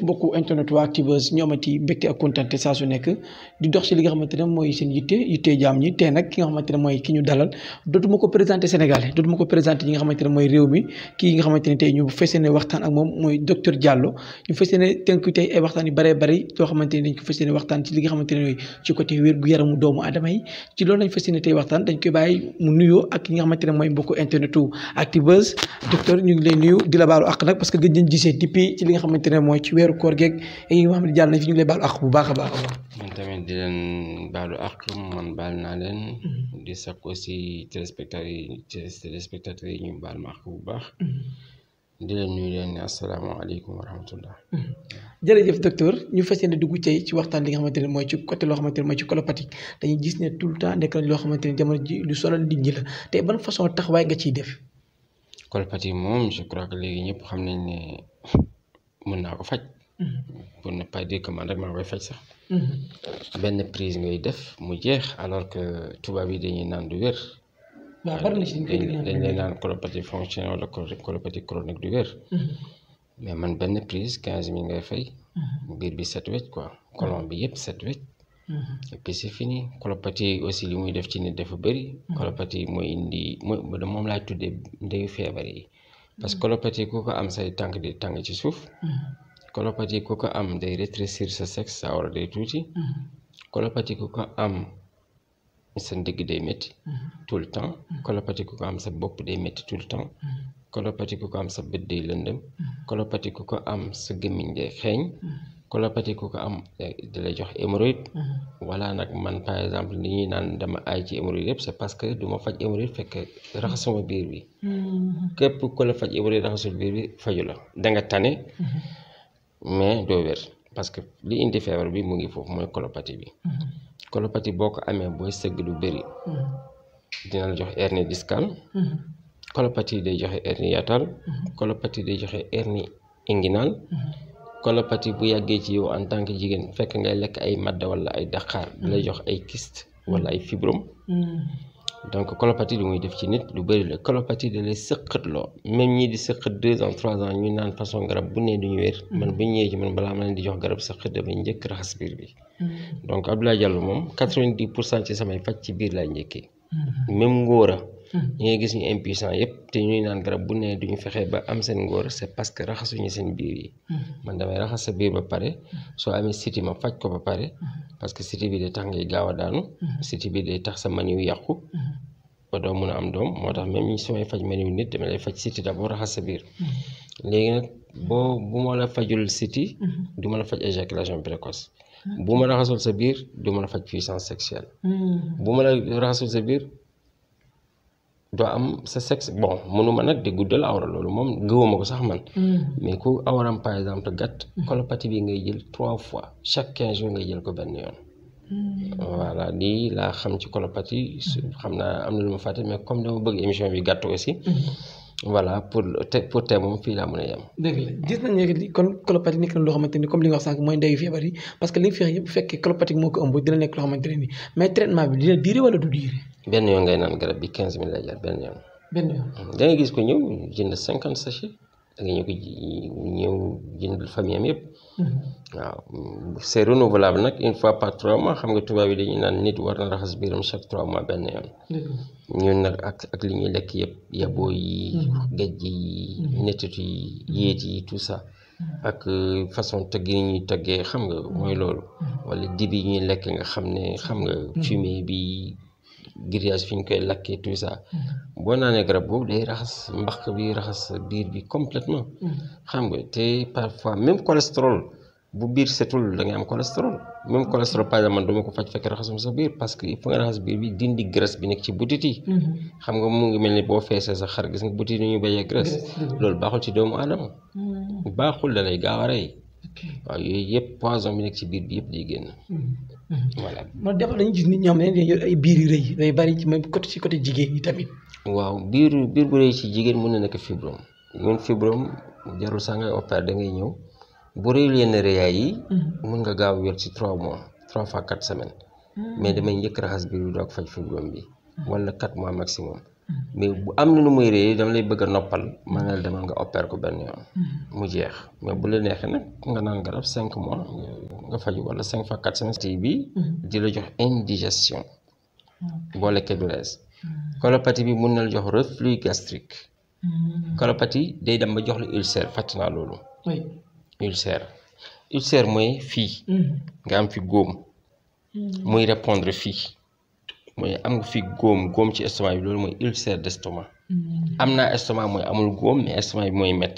jërëjëf mbokku internet waa Actubuzz ñoo amati mbégte ak kontante saa su nekk di dox si li xamante ne mooy seen yitte yitte jaam ñi te ki nga xamante ne mooy réew mi kii nga xamante ne tey waxtaan dañ koy bàyyi mu nuyoo ak ki xamante ne mooy mbokku internetu Actubuzz docteur ñu ngi lay nuyu di la baalu àq nag parce que gëj gisee depuis ci li nga xamante ne mooy ci weeru weeru koor geeg yi nga xam ne jàll nañ fi ñu ngi lay baalu àq bu baax a a baax. man tamit leen baalu àq man baal naa leen. Mm-hmm. di sakku aussi yi ñu baal ma àq bu baax. Mm-hmm. di leen nuyu leen ne asalaamaaleykum wa rahmatullah. Mm-hmm. jërëjëf docteur ñu fas yéene dugg tey ci waxtaan li nga xamante ne mooy ci côté loo xamante ne mooy ci ne tout le temps nekk na loo xamante ne jamono ji lu sonal nit ñi la te ban façon taxawaay nga ciy def. colopathie moom je crois que léegi ñëpp xam nañ ne mën naa ko faj. pour ne pas dire que man rek koy faj sax. Mhm. benn prise ngay def mu jeex alors que tubaab yi dañuy naan du wér. waaw bari na si dañ lay naan colopathie fonctionnelle wala colopathie chronique du wér. Mhm. mais man benn prise quinze mille ngay fay. Mhm. biir bi set wecc quoi colon bi yëpp set wecc. et puis c'est li muy def ci nit dafa bëri. colopathie mooy indi moom laay tuddee ndeyu feebar yi. parce que colopathie ku ko am say tànk di tàng ci suuf. colopathie ku ko am day rétrécir sa sexe sa awra day tuuti mm-hmm. colopathie ku ko am sa ndigg day métti mm-hmm. tout le temps colopathie mm-hmm. ku ko am sa bopp day métti le temps colopathie ku ko am sa bët day lëndëm colopathie ku ko am sa gémmiñ day xeeñ colopathie ku ko am eh, di la jox hémorroïde wala nag man par exemple li ñuy naan dama aay ci hémorroïde yëpp c'est parce que du ma faj hémorroïde fekk raxasuma biir bi képp ku la faj biir bi faju la da tane mais doo wér parce que li indi feebar bi mu ngi foofu mooy colopathie bi. Mm-hmm. colopathie boo ko amee booy sëgg lu bëri. Mm-hmm. dina la jox hernie discale. Mm-hmm. colopathie day joxe hernie yatal. colopathie day joxe hernie inguinale. colopathie bu yàggee ci yow en tant que jigéen fekk ngay lekk ay madda walla ay daqaar. lay jox ay kist wala ay fibrome. donc colopathie lu muy def ci nit lu bëri la colopathie da lay sëqat loo même ñii di sëqat deux ans trois ans ñu naan façon garab bu ne duñu wér mm-hmm. man bu ñëwee ci man balaa ma leen di jox garab sëqat damay njëkk raxas biir bi mm-hmm. donc Abdoulaye Diallo moom ci samay faj ci biir laay njëkkee mm-hmm. même ngóora ñi ngay gis ñu impuissant yëpp te ñuy naan garab bu ne duñu fexe ba am seen ngóor c'est parce que raxasuñu seen biir yi man damay raxas sa biir ba pare soo amee siti ma faj ko ba pare parce que siti bi day tax ngay gaaw a daanu siti bi day tax sa man yu yàqu ba doo mun am doom moo tax même su may faj man yu nit dama lay faj siti boo raxas sa biir léegi nag boo bu ma la fajul siti du ma la faj éjaculation précoce ah, bu ma raxasul sa biir du ma la faj puissance sexuelle bu ma la raxasul sa biir doo am sa sexe bon mënuma nag di guddal awra loolu moom gëwuma ko sax man. Mm. mais ku awram par exemple gàtt. Mm. colopathie bi ngay jël trois fois chaque quinze jours ngay jël ko benn yoon. Mm. voilà lii laa xam ci colopathie xam naa am na lu ma fàtte mais comme dama bëgg émission bi gàtt aussi. voilà pour pour te moom fii laa mën a yem. dëgg la kon colopathie nekk na loo xamante ni comme li nga wax sànq mooy ndeyu feebar yi parce que li nga yëpp fekkee colopathie moo ko ëmb bi dina benn yoon ngay naan garab bi 15000 lay jar benn yoon. benn yoon mm. da gis ko ñëw jënd 50 sachet da nga ñëw ko ñëw famille am yëpp. Mm-hmm. waaw c'est renouvelable nag une fois par xam nga tubaab yi dañuy naan nit war na raxas biiram chaque trois mois benn yoon. ñun nag ak li ñuy lekk yëpp yaboo yi. Mm-hmm. gejj yi mm-hmm. nettatu yi yéet yi tout ça. ak euh, façon tëgg yi ñuy tëggee xam nga mooy loolu. wala dibi ñuy lekk nga xam ne xam nga. fumée bi. grillage fi ñu koy lakkee tout ça mm-hmm. boo naanee garab boobu day raxas mbaq bi raxas biir bi complètement mm-hmm. xam nga te parfois même cholestérol bu biir setul da ngay am cholestérol même cholestérol par exemple man duma ko faj fekk raxasum sa biir parce que il faut nga raxas biir bi dindi graisse bi nekk ci butit yi mm-hmm. xam nga mu ngi mel ni boo feesee sa xar gis nga butit yi ñu béyee graisse loolu baaxul ci doomu aadama baaxul da lay gaaw a rey waaw yooyu yëpp poison bi nekk ci biir bi yëpp day génn. voilà man dafa dañuy gis nit ñoo xam ne dañuy biir yu rëy day bari ci jigéen ñi tamit. waaw biir biir bu ci jigéen mën na nekk fibrome ñun fibrome jarul sax ngay opérer da ngay ñëw bu rëyul yenn rëyaay yi. Mhm. mën nga gaaw yor ci 3 mois 3 fois 4 semaines. Hmm. mais damay njëkk raxas biir bi doog faj fibrome bi. Hmm. wala 4 mois maximum. mais bu am na nu muy réer dama lay bëgg a noppal man la demal nga opérer ko benn yoon. Hmm. mu jeex mais bu la neexee nag nga naan garab cinq mois nga faju wala cinq fois quatre semaines bii bi hmm. di la jox indigestion. boo lekkee du rees. Hmm. colopathie bi mun na la jox reflux gastrique. colopathie day dem ba jox la ulcère fàtte naa loolu. ulcère ulcère mooy fii. nga am fi góom. muy répondre fii. mooy am nga fi góom góom ci estomac bi loolu mooy ulcère d'estomac mm. am naa estomac mooy amul góom mais estomac bi mooy mett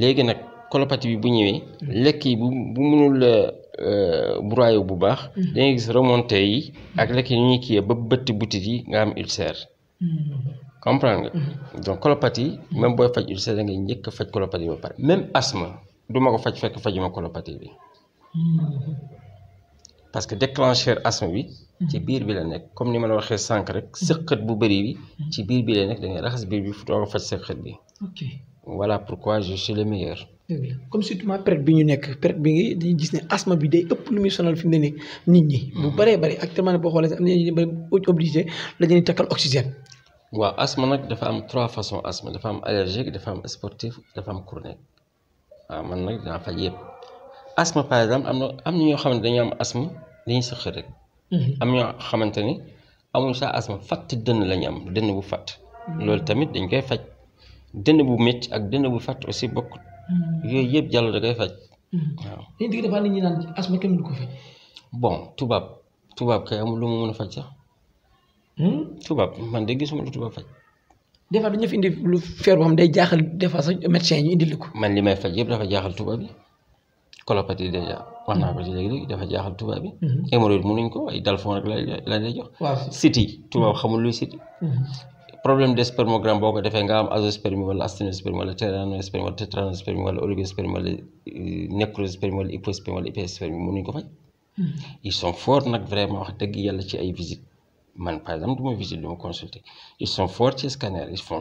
léegi nag colopathie bi bu ñëwee mm. lekk yi bu bu mënul euh, broyé bu baax mm. dangay gis remonté yi ak lekk yi ñuy kiyee ba bëtti butit yi nga am ulcère comprendre nga donc colopathie même booy faj ulcère da njëkk a faj colopathie ba pare même asthme du ko faj fekk fajuma colopathie bi parce que déclencheur bi ci mmh. biir bi la nekk comme ni ma la waxee sànq rek mmh. sëqët bu bëri bi mmh. ci biir bi la nekk da ngay raxas biir bi fu doog a faj sëqët bi voilà pourquoi je suis le meilleur comme surtout période bi ñu nekk période bi ngi dañuy gis ne asthme bi day ëpp lu muy sonal fi mu ne nii nit ñi bu baree bëri actuellement boo xoolee am na ñu bëri obligé la ñuy takkal oxygène waaw asthme nag dafa am trois façons asthme dafa am allergique dafa am sportif dafa am chronique waaw man nag dinaa faj yëpp asthme par exemple am na am na ñoo xam ne dañu am asthme dañuy sëqët rek Mm-hmm. am ñoo xamante ni amuñ sax asma fatt dënn lañu am dënn bu fatt mm-hmm. loolu tamit dañ koy faj dënn bu métti ak dënn bu fatt aussi bokkut mm-hmm. yooyu yëpp jàll da koy faj waaw dañ dégg dafa ko bon tubaab tubaab kay amul mu mën a faj sax hmm? tubaab man de gisuma lu tubaab faj des fois dañu fi indi lu feer boo xam day jaaxal des fois sax médecin ñu indil ko man li may faj yëpp dafa jaaxal tubaab yi colopathie dèjà wax naa ko ci léegi dafa jaaxal tubaab bi. Hmm. hémorroïde mënuñ ko ay dalfon rek la lay jox. waaw tubaab hmm. xamul luy siti. Hmm. problème de spermogramme boo ko defee nga am azoospermie wala asténospermie wala téranospermie wala tétranospermie wala euh, oligospermie wala nécrospermie wala hypospermie wala hyperspermie mënuñ ko faj. ils sont forts nag vraiment wax dëgg yàlla ci ay visite man par exemple du ma visite du ma consulter ils sont forts ci scanner ils font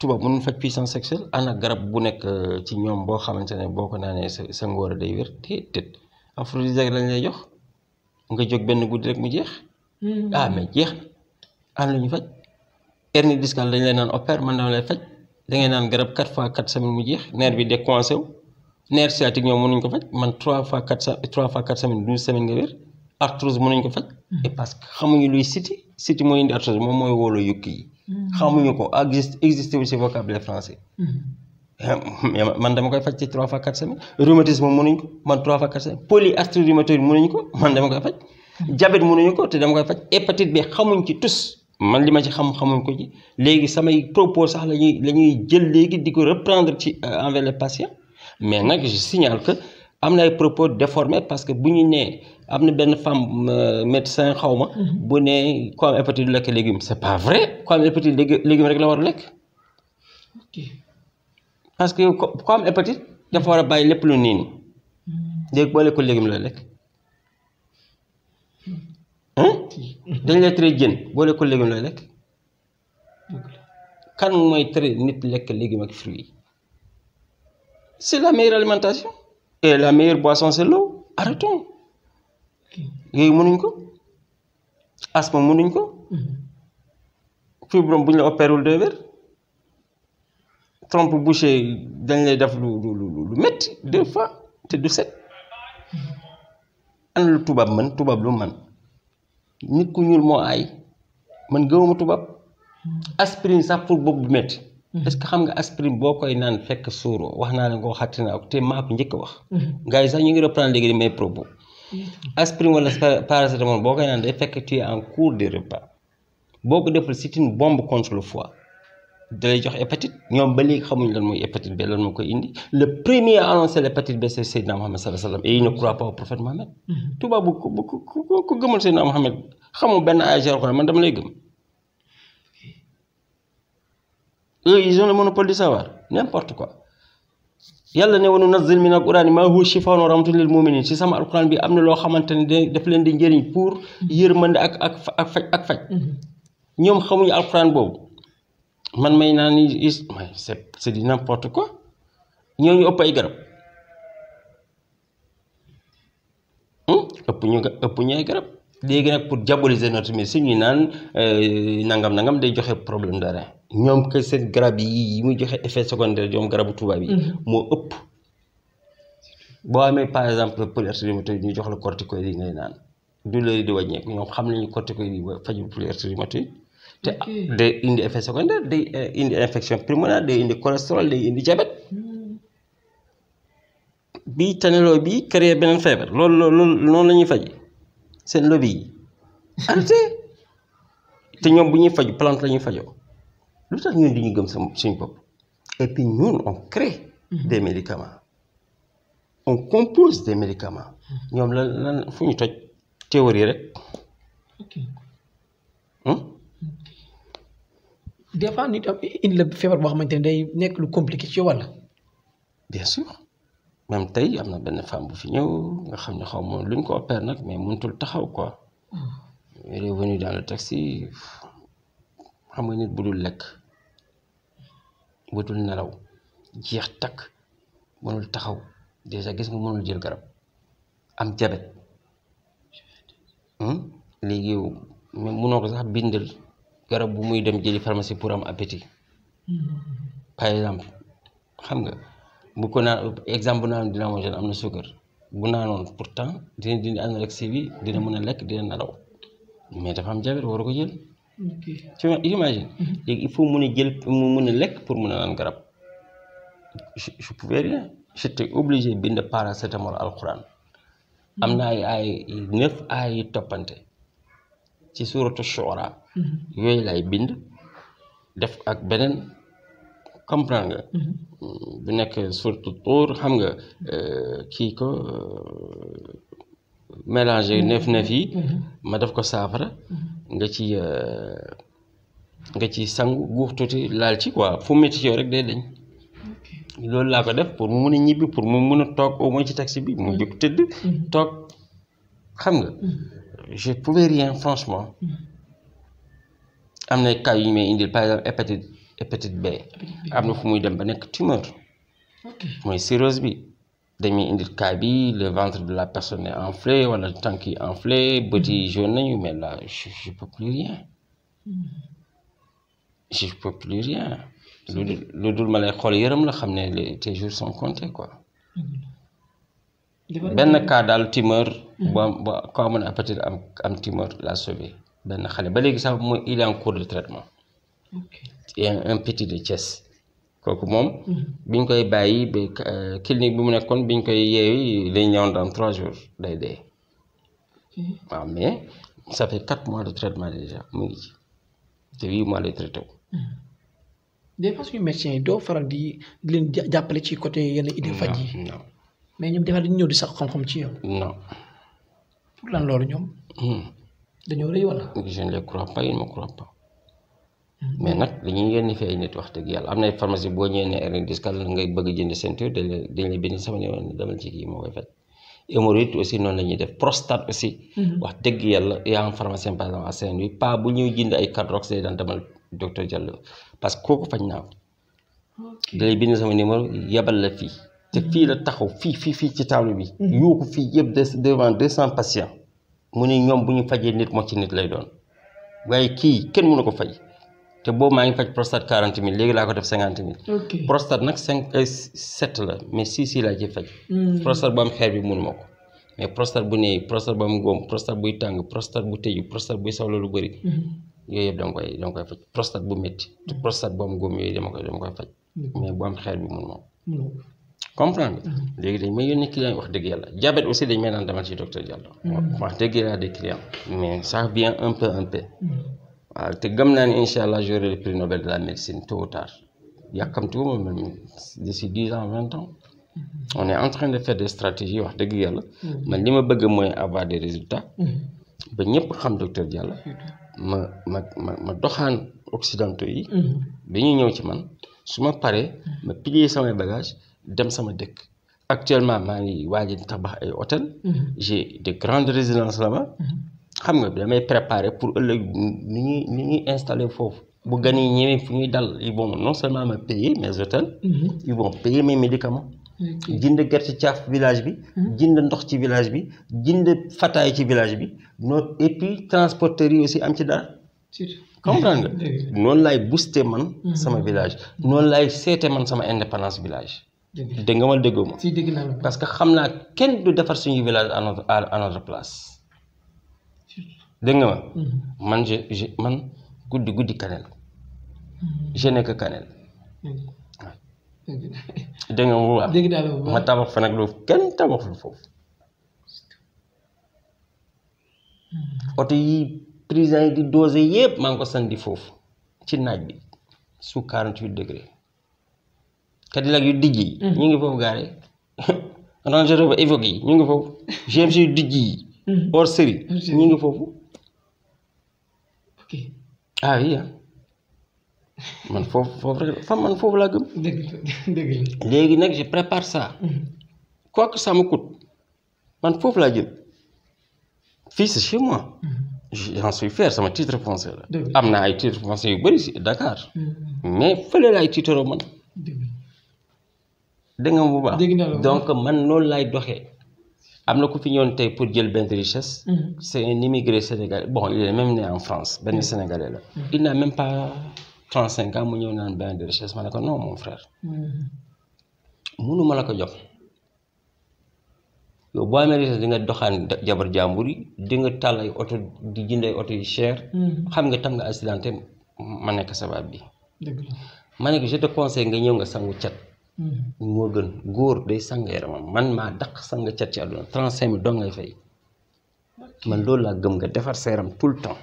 tubaab mënul faj puissance sexuelle ana garab bu nekk euh, ci ñoom boo xamante ne boo ko naanee sa sa ngóor day wér déedéet aphrodisiaque lañ lay jox nga jóg benn guddi rek mu jeex. Mm-hmm. ah mais jeex am na ñu faj. hernie discale dañ lay naan opère mën na lay faj da ngay naan garab quatre fois quatre semaines mu jeex nerf bi décoincé wu nerf sciatique ñoom mënuñ ko faj man trois fois quatre trois fois quatre semaines douze semaines nga wér arthrose mënuñ ko faj. Mm-hmm. et parce xamuñu luy siti mooy indi arthrose moom mooy wóolu yukki yi. Hmm. xamuñu ko existe existé wu si vocabulaire français. Hmm. Eh, man dama koy faj ci trois fois quatre semaines rhumatisme mënuñ ko man trois fois quatre semaines polyarthrite rhumatoïde mënuñ ko man dama koy faj. diabète mënuñu ko te dama koy faj hépatite bi xamuñ ci tus. man li ma ci xam xamuñ ko ci léegi samay propos sax la ñuy la ñuy jël léegi di ko reprendre ci euh, envers les patients mais nag si signale que am na ay propos déformés parce que bu ñu nee. am na benn femme euh, médecin xaw ma. Mhm. bu ne ku am hépatite du lekk légume c' pas vrai ku am hépatite légume rek la war a lekk. parce que ku bàyyi lépp lu niin mhm. léegi boo lekkul légume la lekk. Hmm. dañ lay tere jën boo lekkul légume la lekk. kan mooy tere nit lekk légume ak fruits c' la meilleure alimentation. et la meilleure boisson c' est l' eau yooyu mënuñ ko asma mënuñ ko mm-hmm. fibrome bu ñu la opéré wul deux weer trompe dañ lay def lu lu lu lu métti deux fois te du set ana lu tubaab man tubaab lu man nit ku ñuul moo ay man gëwuma tubaab mm-hmm. aspirine sax pour bopp bu métti mm-hmm. est que xam nga aspirine boo koy naan fekk suuro wax naa la nga waxati naa ko te maa njëkk wax gars sax ñu ngi reprendre léegi di may propos aspirine wala paracétamol boo koy naan day fekk tu es en cours de repas boo ko deful c'est une bombe contre le foie dalay jox hépatite ñoom ba léegi xamuñ lan mooy hépatite B lan moo koy indi le premier annoncer l'hépatite B c'est Seydina Mohamed sallallahu alayhi wa sallam et il ne croit pas mm-hmm. benn agèr ko man dama lay gëm eux ils monopole du savoir n'importe quoi yàlla ne wa nunazzil mina al-qur'ani maa huwa shifaa'un wa rahmatun lil mu'minin ci sama alquran bi am na loo xamante ne daf leen di njëriñ pour yërmande ak ak ak faj ak faj mm-hmm. ñoom xamuñu alquran boobu man may naa ni is may c'est di n'importe quoi ñoo ñu ëpp ay garab hmm? ëpp ñu ëpp ñu ay garab léegi nag pour diaboliser notre médecine ñu naan euh, nangam nangam day joxe problème dara rein ñoom que seen garab yi yi muy joxe effet secondaire ñoom garabu tubaab yi. Mm-hmm. moo ëpp. boo amee par exemple polyarthrite rhumatoïde ñu jox la corticoïde yi ngay naan du la di wàññeeku ñoom xam nañu corticoïde yi ba faju polyarthrite rhumatoïde te day indi effet secondaire day euh, indi infection pulmonaire day indi cholestérol day indi diabète. Mm. bii taneloo bii créer beneen feebar loolu loolu noonu la ñuy faj. seen lobby yi arrêté ah, te ñoom bu ñuy faju plante lañuy ñuy lu tax ñun duñu gëm sa suñu bopp et puis ñun on crée mm-hmm. des médicaments on compose des médicaments mm-hmm. ñoom lan lan fu ñu toj théorie rek hmm? des fois nit am indi la feebar boo xamante ne day nekk lu compliqué ci bien sûr même tey am na benn femme bu fi ñëw nga xam ne xaw ma luñ ko opère nag mais mënutul taxaw quoi. revenu hmm. dans le taxi xam nga nit bu dul lekk bu nelaw jeex takk mënul taxaw déjà gis nga mënul jël garab am jabet hmm? léegi yow même mënoo ko sax bindal garab bu muy dem jëli pharmacie pour am appétit hmm. par exemple xam nga. bu ko naan exemple bu naan dinaa moom am na suukar bu naanoon pourtant dina dina mën a lekk dina naraw mais dafa am jabet waru ko jël. tu imagine mhm. il faut mun a jël mu mun a lekk pour mun a naan garab je je pouvais rien j'étais obligé bind paracétamol alxuraan am na ay ay neuf ay yu toppante ci suuratu Shuara. Mhm. yooyu bind def ak beneen. comprendre nga. Mhm. Mm, bu nekk surtout tuur xam nga euh, kii ko euh, mélanger mhm. neef-neef yi. Mhm. ma def ko saafara. nga ci euh, nga ci sangu guux tuuti laal ci quoi fu métti ci rek day dañ. loolu laa ko def pour mu mun a ñibbi pour mu mun a toog au moins ci taxi bi mu jóg tëdd. toog xam nga. je pouvais franchement. am na cas yu ñu may exemple hépatite. e hépatite B am na fu muy dem ba nekk tumeur mooy cirrhose bi dañuy indi cas bi le ventre de la personne est enflé wala tànk yi enflé bët yi jaune nañu mais là je je peux plus rien hmm. je peux plus rien lu dul lu ma lay xool yërëm la xam ne tes jours sont comptés quoi benn cas daal tumeur hmm. bu am bu ko amoon hépatite am am tumeur la sauvé benn xale ba léegi sax mooy il est en cours de traitement un petit de Thiès kooku moom mhm. biñ koy bàyyi ba euh, clinique bi mu nekkoon biñ koy yeewi dañ ñëwoon dans trois jours day dee waaw mais ça fait quatre mois de traitement déjà mu ngi ci de huit mois lay traité wu mhm. doo faral di di jàppale ci côté yenn idée faj yi mais ñoom defar dañu ñëw di sax xam-xam ci yow non pour lan loolu ñoom hmm. dañoo rëy wala je ne les crois mais nag dañuy yónni fi ay nit wax dëgg yàlla am na ay pharmacie boo ñëwee ne hernie discale ngay bëgg jënd ceinture dañ lay dañ lay bind sama yoon demal ci aussi noonu la ñuy def prostate aussi. Mhm. wax dëgg yàlla yaa am pharmacien par exemple à bu ñuy jënd ay cardrox day daan demal docteur Diallo parce que kooku faj naa ko. da lay bind sama numéro yebal la fii. te mhm. fii la taxaw fii fii fii ci table bi. Mhm. yuuxu fii yëpp devant deux cent patients. mu ne ñoom bu ñu fajee nit moo ci nit lay doon waaye kii kenn mënu ko faj. te boobu maa ngi faj prostate quarante mille léegi laa ko def cinquante mille. prostate nag cinq euh, sept la mais six yi laa ciy faj. Hmm. prostate bu am xeer bi mënuma ko mais prostate bu néew prostate bu am góom lu bëri. Hmm. yooyu yëpp dama koy dama faj prostate bu métti te hmm. prostate bu am góom yooyu dama koy dama koy faj mais bu am xeer bi mënuma ko. comprendre léegi dañ may yónni client wax dëgg yàlla diabète aussi dañ may naan demal ci docteur Diallo. wax dëgg yàlla des clients mais ça vient un waaw te gëm naa ni incha allah le prix Nobel de la médecine tôt ou tard yàkkamtiwuma même d'ici dix ans vingt ans mm-hmm. on est en de faire wax dëgg yàlla mm-hmm. man li ma bëgg mooy avoir des résultats mm-hmm. ba ñëpp xam docteur Diallo ma ma ma ma doxaan yi bi ñu ci man su ma paree ma plier samay bagage dem sama dëkk actuellement maa ngi waaj a tabax ay hôtel de grandes résidences là-bas xam nga damay préparer pour ëllëg ni ñuy ni ñuy installer foofu bu gan yi ñëwee fi ñuy dal ils vont non seulement me payer mes hôtels mhm. ils vont payer mes médicaments jënd gerte caaf village bi mhm. jënd ndox ci village bi jënd fataay ci village bi noonu et puis yi aussi am ci dara comprendre nga noonu laay booster man mhm. sama village noonu laay seete man sama indépendance village dégg nga ma déggoo ma parce que xam naa kenn du defar suñu village à notre à notre place dégg nga mm-hmm. man je man guddi guddi kanel. Mm-hmm. je nekk kanel. dégg nga mu ma tabax fa nag lu kenn tabaxul foofu. Mm-hmm. oto yi prison yi di dosé yëpp maa ngi ko sandi foofu ci naaj bi sous quarante huit degré. Cadillac yu dijj yi. ñu ngi foofu gaare Range Rover Evoque yi ñu ngi foofu GMC yu dijj yi. hors ñu ngi foofu. Ah, man foofu foofu rek fan man foofu laa gëm. la. léegi nag je prépare ça. Mhm. quoi que ça man foofu laa jëm fii c'est chez moi. Mhm. j'en suis fier sama titre foncier la. am naa ay titre foncier yu bëri si Dakar. Mhm. mais fële laay tiitaroo man. dégg bu baax donc man loolu laay doxee. am na ku fi ñëwoon tey pour jël benn richesse. Mhm. c' est un immigré sénégalais bon il est même né en France benn mhm. sénégalais la. Mhm. il n'a pas trente cinq ans mu ñëw naan benn richesse ma ne ko non frère. munu la ko jox yow boo amee richesse doxaan jabar jàmbur yi di nga tàll ay oto di jënd ay oto yu xam nga tam nga accidenté ma nekk sabab bi. ma ne ko je nga ñëw nga sangu cat. moo gën góor day sang yaramam man maa daq sang cat ci àdduna 35000 dong ngay fay man loolu laa gëm nga defar sa yaram tout le temps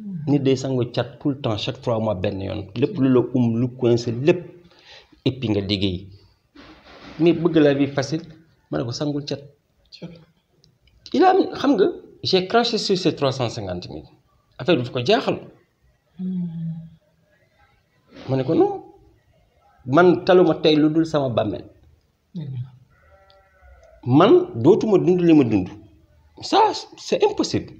hmm. nit day sangu cat tout le temps chaque 3 mois benn yoon lépp lu la um lu coincé lépp éppi nga liggéey mais bëgg la vie facile ma ne ko sangul cat. il a xam nga j'ai craché sur ces 350 000 affaire bi ko jaaxal hmm. ma ne ko non. man taluma tey lu dul sama bàmmeel man dootuma dund li ma dund ça c'est impossible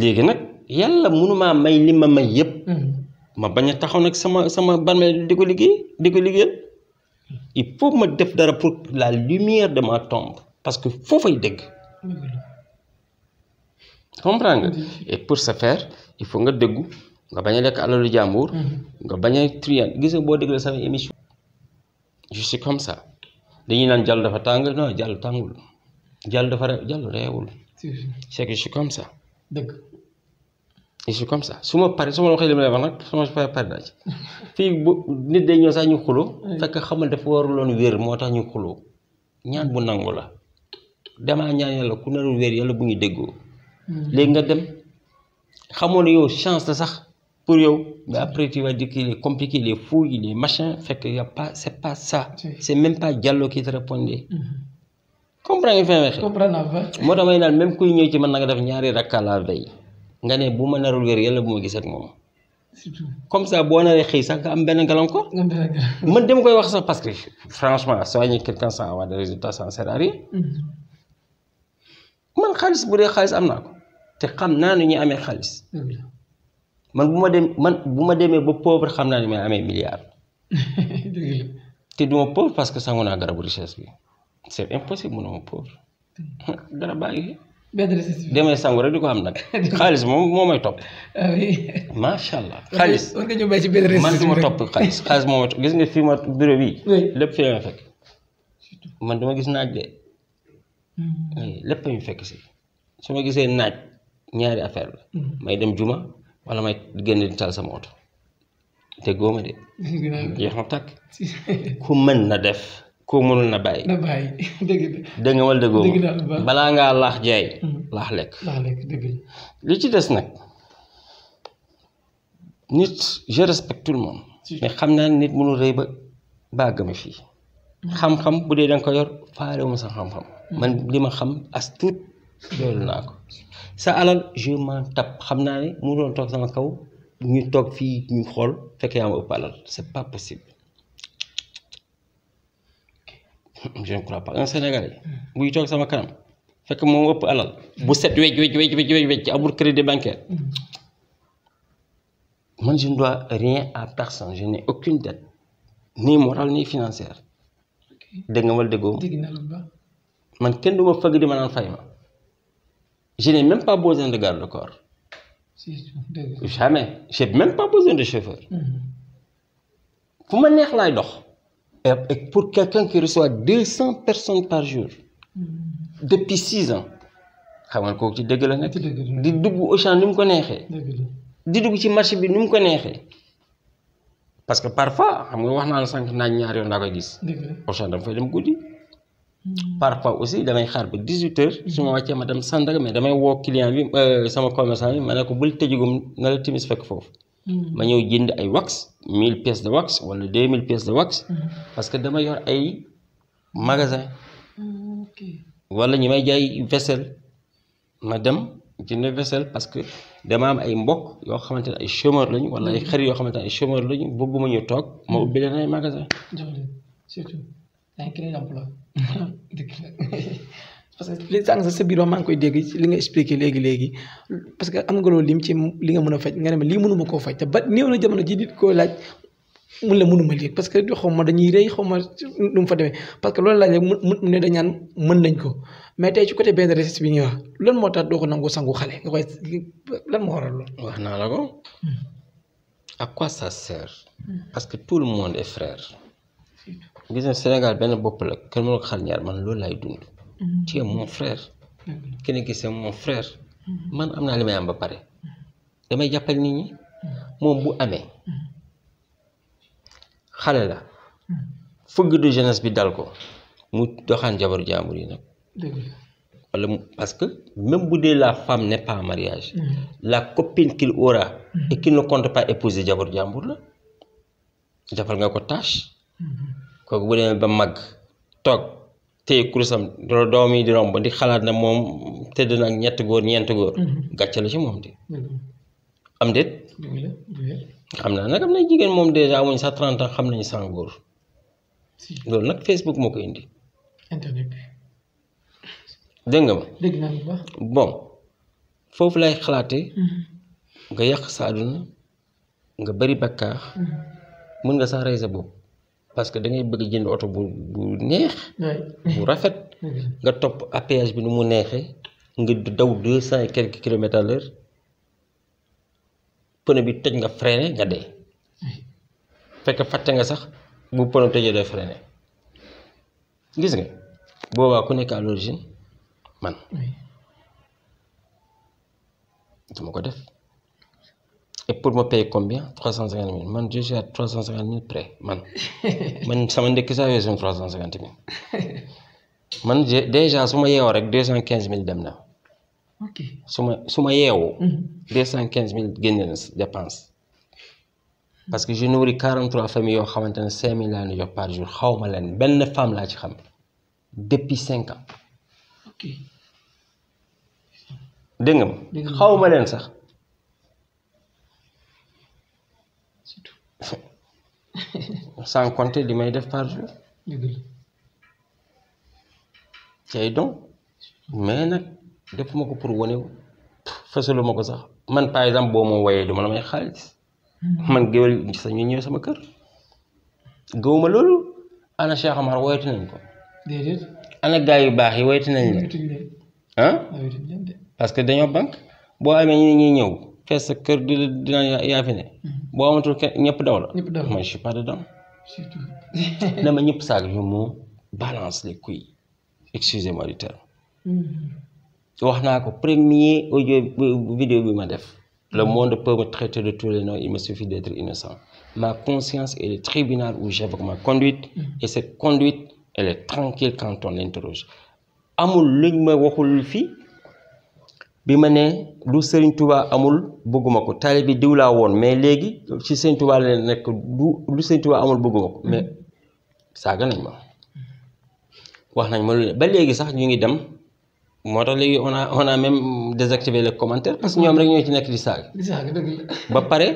léegi nag yàlla mënumaa may li ma may yépp mm-hmm. ma bañ a taxaw nag sama sama bàmmeel di ko liggéey di ko liggéeyal il faut ma def dara pour la lumière de ma tombe parce que foofay dëgg mm-hmm. comprends nga mm-hmm. et pour ce faire il faut nga dëggu nga bañ a lekk alalu jàmbur. Mhm. nga bañ a trian gis nga boo déglee sama émission. je comme ça dañuy naan jàll dafa tàng non jàll tàngul jàll dafa re jàll reewul. c'est que je comme ça. su ma paree su ma waxee li ma lay wax nag su bu nit sax ñu xuloo fekk xamal dafa waruloon wér moo tax ñu xuloo ñaan bu nangu la damaa ñaan yàlla ku narul wér yàlla bu ñu déggoo. Mhm. léegi nga dem xamoon yow chance la sax. pour yow mais après tu vas dire qu'il compliqué il est fou il est fekk y a pas c'est pas ça c'est même pas Diallo qui te répondait mhm. comprends nga fi moo tax may naan même kuy ñëw ci man na def ñaari rakka nga ne bu ma narul wér yàlla bu ma gis comme ça boo naree xëy sax nga am benn gàllankoor man dem koy wax sax parce que franchement soigner quelqu'un sans avoir des résultats ça ne sert à rien mhm. man xaalis bu dee xaalis am naa ko te xam naa nu ñuy amee xaalis man bu ma dem man bu ma demee ba pauvre xam naa ni may amee milliard te duma pauvre parce que sangu naa garabu richesse bi c'est impossible mu ne ma pauvre garab baa ngi demee sangu rek di ko xam nag xaalis moom moo may topp ah macha allah man ma topp gis nga fii ma bureau bi man duma gis naaj de hmm. lépp a ñu fekk si su ma gisee naaj ñaari affaire la hmm. may dem juma wala may génn di taal sama oto te góoma de jeex na tàkk ku mën na def ku mënul na bàyyi na bàyyi dëgg nga wala dëggoo balaa ngaa laax jaay hmm. laax lekk li ci des nag nit je respecte tout mais xam naa nit mënul rëy ba bàgg ma fii hmm. xam-xam bu dee danga ko yor faale sa xam-xam hmm. man li ma xam as loolu naa ko sa alal je m'en xam naa ne mu doon toog sama kaw ñu toog fii ñu xool fekk yaa ma ëpp alal c'est pas possible je ne pas un Sénégalais buy toog sama kanam fekk moom ëpp alal bu set wej wej wej wej wej ci amul crédit bancaire man je ne rien à personne je n'ai aucune dette ni morale ni financière dégg nga wala déggoo man kenn du ma fëgg di ma naan fay ma Je n'ai même pas besoin de garde-corps. Jamais. Je n'ai même pas besoin de chauffeur. Pour mhm. Et pour quelqu'un qui reçoit 200 personnes par jour, mhm. depuis 6 ans, xam nga kooku ci dëgg la nekk di dugg Auchan ni mu ko neexee di dugg ci marché bi ni mu ko neexee parce que parfois xam nga wax naa la sànq naa ñaar yoon daa koy gis Auchan dama fay dem guddi Hmm. parfois aussi damay xaar ba dix huit heures su ma wàccee ma dem Sandaga mais damay woo client bi euh, sama commerçant bi ma ne ko bul tëjugum na la timis fekk foofu hmm. ma ñëw jënd ay wax mille pièces de wax wala deux mille pièces de wax hmm. parce que dama yor ay magasin wala ñi may jaay vaisselle ma dem jënd vaisselle parce que dama am ay mbokk yoo xamante ne ay chômeur lañu wala ay xarit yoo xamante ne ay chômeur lañu bëgguma ñu toog ma ubbi leen magasin daañu créer emploi dëgg parce que li sànq sax sa biir maa ngi koy dégg li nga expliqué léegi léegi parce que am nga loolu mu ci li nga mën a faj nga ne ma lii mënuma koo faj te ba néew na jamono ji nit koo laaj mun la mënuma lii parce que xaw ma dañuy rey xaw ma nu mu fa demee parce que loolu laaj rek mu ne dañaan mën nañ ko mais tey ci côté benn recherche bi ñuy wax lan moo tax doo ko nangu sangu xale nga koy lan moo waral loolu. wax naa la ko. à hmm. quoi ça sert. Hmm. parce que tout le monde est eh, frère. gis nga Sénégal benn bopp la kenn mënu ko xar ñaar man loolu laay dund. Mm-hmm. tu es mon frère. Mm-hmm. keneen ki mon frère. Mm-hmm. man am naa li may am ba pare. damay jàppale nit ñi. moom bu amee. xale la. fëgg de jeunesse bi dal ko. mu doxaan jabaru jaambur yi nag. wala parce que bu dee la femme n'est pas mariage. la copine qu'il aura. et qu'il ne compte pas épouser jabaru jaambur la. defal nga ko tâche. kooku bu demee ba mag toog téye kurusam doom yi di romb di xalaat na moom tëdd na ak ñetti góor ñeenti góor mm-hmm. gàcce la ci moom de mm-hmm. am déet xam naa nag am na jigéen moom dèjà amuñ sax trente ans xam nañu sans góor loolu nag Facebook moo ko indi internet dégg nga ma bon foofu lay xalaate mm-hmm. nga yàq sa àdduna nga bari bakkaar mën nga sax rey sa bopp parce que da ngay bëgg jënd oto bu bu neex. bu rafet. nga topp APS bi ni mu neexee nga daw deux cent et quelques kilomètres à l'heure bi toj nga freiné nga dee. fekk fàtte nga sax bu pneu tojee doo freiné gis nga boobaa ku nekk à man. dama ko def. et pour ma payer combien trois cent cinquante man je suis à trois cent cinquante man man sama déjà su ma yeewoo rek deux cent quinze mille dem na ok su ma yeewoo mhm. cent quinze mille génne na dépense parce que je nourris quarante yoo xamante ne cinq mille laa ñu jox par xaw ma leen benn femme laa ci xam depuis cinq ans dégg ma xaw leen sax sans compter li may def par jour cay donc mais nag defuma ko pour wonewu fësalu ko sax man par exemple boo moom wayee duma la may xaalis hmm. man géwél sax ñu ñëw sama kër gëwuma loolu ana Cheikh Amar woyati nañ ko ana gaa yu baax yi woyati nañ leen ah que dañoo banque boo amee ñi ñuy ñëw fees sa kër di dina yaa fi ne mm-hmm. boo amatul kenn daw la man je suis dama ñëpp saag yu mu balance les couilles excusez-moi terme mm-hmm. wax naa ko premier audio vidéo bi ma def le mm-hmm. monde peut me traiter de tous les noms il me suffit d'être innocent ma conscience est ma conduite et cette conduite elle est tranquille quand on l'interroge amul luñ ma waxul fii bi ma ne lu Serigne tubaa amul bëgguma ko taalibe bi diw laa woon mais léegi ci Serigne Touba la nekk du lu Serigne Touba amul bëgguma ko mais saaga nañ ma wax nañ ma ba léegi sax ñu ngi dem moo tax léegi on a on a même désactivé les commentaires parce que ñoom rek ñoo ci nekk di saaga. di saaga dëgg ba pare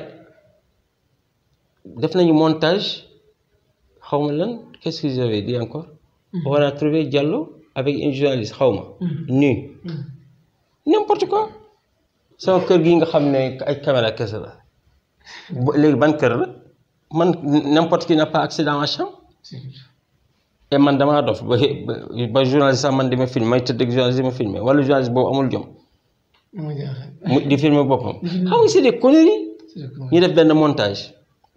def nañu montage xaw ma lan qu'est-ce que j'avais dit encore. Mhm. on journaliste xaw ma. Mhm. n'importe quoi sama kër gi nga xam ne ay caméra kese la léegi ban kër la man n'importe qui n'a pas accès ma chambre et man damaa dof ba ba journaliste sax man di ma filmé may tëdd ak di ma filmé wala journaliste boobu amul jom mu di filmé boppam xam nga c'est des conneries ñu def benn montage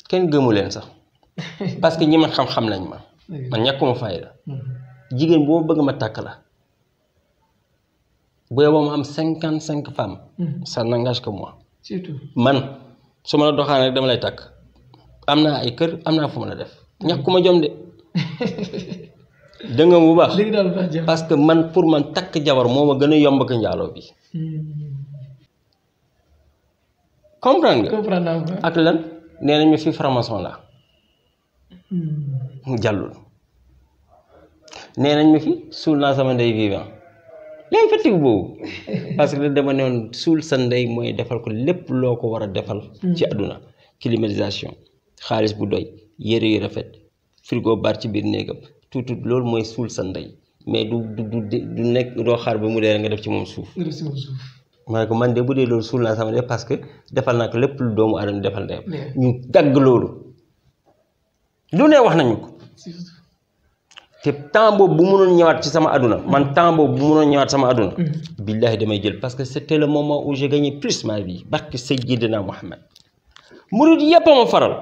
kenn gëmu leen sax parce que ñi ma xam-xam nañ ma man ñàkkuma fayda mm-hmm. jigéen boo bëgg ma takk la bu yeboo mu am cinquante cinq femmes. Mm-hmm. ça n'engage que moi. man su ma la doxaan rek dama lay takk am na ay kër am naa fu ma la def ñàkk ma jom de dëngam bu baax. parce que man pour man takk jabar moo ma gën a yomb ko njaaloo bi. Mm-hmm. comprendre nga. ak lan nee nañ nañu fi franc-maçon la mm-hmm. jàllul nee nañu fi suul naa sama ndey vivant. l'effectif boobu parce que dama ne woon suul sa ndey mooy defal ko lépp loo ko war a defal. ci hmm. àdduna climatisation xaalis bu doy yére yu rafet frigo bar ci biir néegam tout loolu mooy suul sa ndey mais du du du du nekk doo xaar bi mu dee nga def ci moom suuf. ma ne ko man de bu dee loolu suul naa sama de parce que defal naa ko lépp lu doomu aadama defal ndeyam. ñu dagg loolu lu ne wax nañu ko. te boobu bu mënoon ñëwaat ci sama aduna. man mm. temps boobu bu mënoon ñëwaat sama aduna. Mm. billahi damay jël parce que c' était le moment où j'ai gagné plus ma vie barke Seydina Mohamed. murid yëpp a ma faral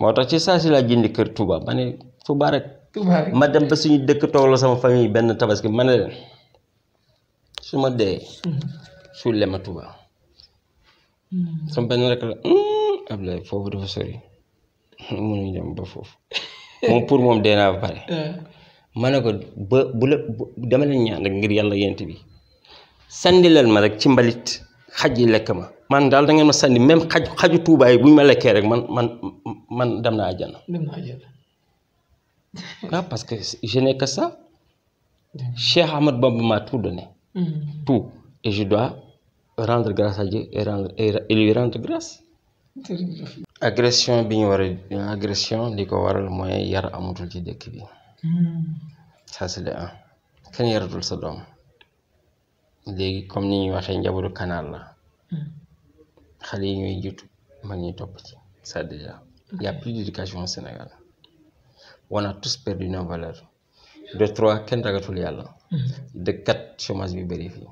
moo tax ci saa si laa jëndi kër Touba ma ne Touba rek. ma dem ba suñu dëkk toog la sama famille benn tabaski ma ne leen su ma dee. Mm. suul le ma sama benn rek la hmm, Ablaye foofu dafa sori moom pour moom dee naa ba pare. Hmm. ma ne ko ba bu la dama leen ñaan rek ngir yàlla yent bi sandileel ma rek ci mbalit xaj yi lekk ma man daal da ngeen ma sànni même xaj xaju tuubaay bu ma lekkee rek man man man dem naa àjjana. dem naa àjjana. waaw ah, parce que je n'ai Bamba m'a tout donné. Hmm. tout et dois rendre grâce à Dieu et rendre agression bi ñu war a agression li ko waral mooy yar amatul ci dëkk bi hmm. ça de un kenn yaratul sa doom léegi comme ni ñuy waxee njabootu kanaal la hmm. xale yi ñuy jiitu mag ñuy topp ci ça déjà y a plus d'éducation au Sénégal on tous perdu nos valeurs de trois kenn ragatul yàlla hmm. de quatre bi bëri fii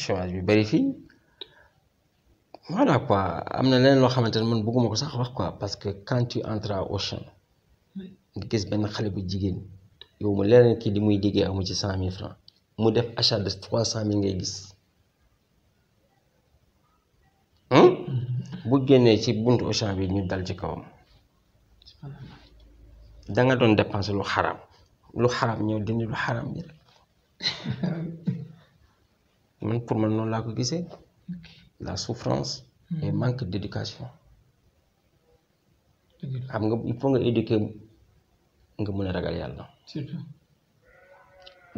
chômage bi bëri fii voilà quoi am na leneen loo xamante ne man bëgguma ko sax wax quoi parce que quand tu entres au champ nga gis benn xale bu jigéen yow mu leneen kii li muy liggéey amu ci cent mille francs mu def achat de trois cent mille ngay gis hmm? mm-hmm. bu génnee ci buntu Auchan bi ñu dal ci kawam danga doon dépenser lu xaraam lu xaraam ñëw dindi lu xaraam yi man pour man noonu laa ko gisee la souffrance hmm. et manque d'éducation xam nga il faut nga éduquer nga mën a ragal yàlla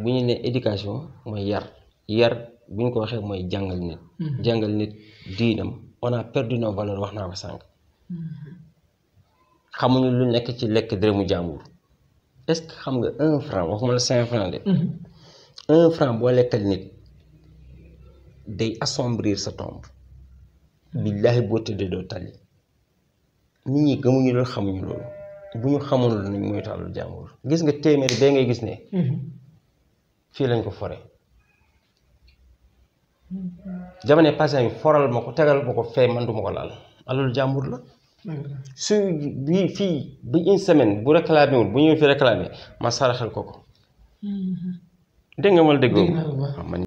bu ñu ne éducation mooy yar yar bu ñu ko waxee mooy jàngal nit hmm. jàngal nit diinam on perdu nos valeurs wax naa ko sànq hmm. xamuñu lu nekk ci lekk dërëmu jàmbur est-ce que xam nga un franc waxuma la cinq franc de un franc boo lekkal nit day assombrir sa tombe billaahi boo tëddee doo tali nit ñi gëmuñu loolu xamuñu loolu bu ñu xamoon lu nañ mooy tàllu jàmbur gis nga téeméer bee ngay gis ne fii lañ ko fore jamono passé mi foral ma ko tegal ma ko fee man du ko laal alalu jàmbur la su fii bi une semaine bu réclamé bu ñu fi réclamé ma saraxal ko ko mm-hmm. dégg nga ah, ma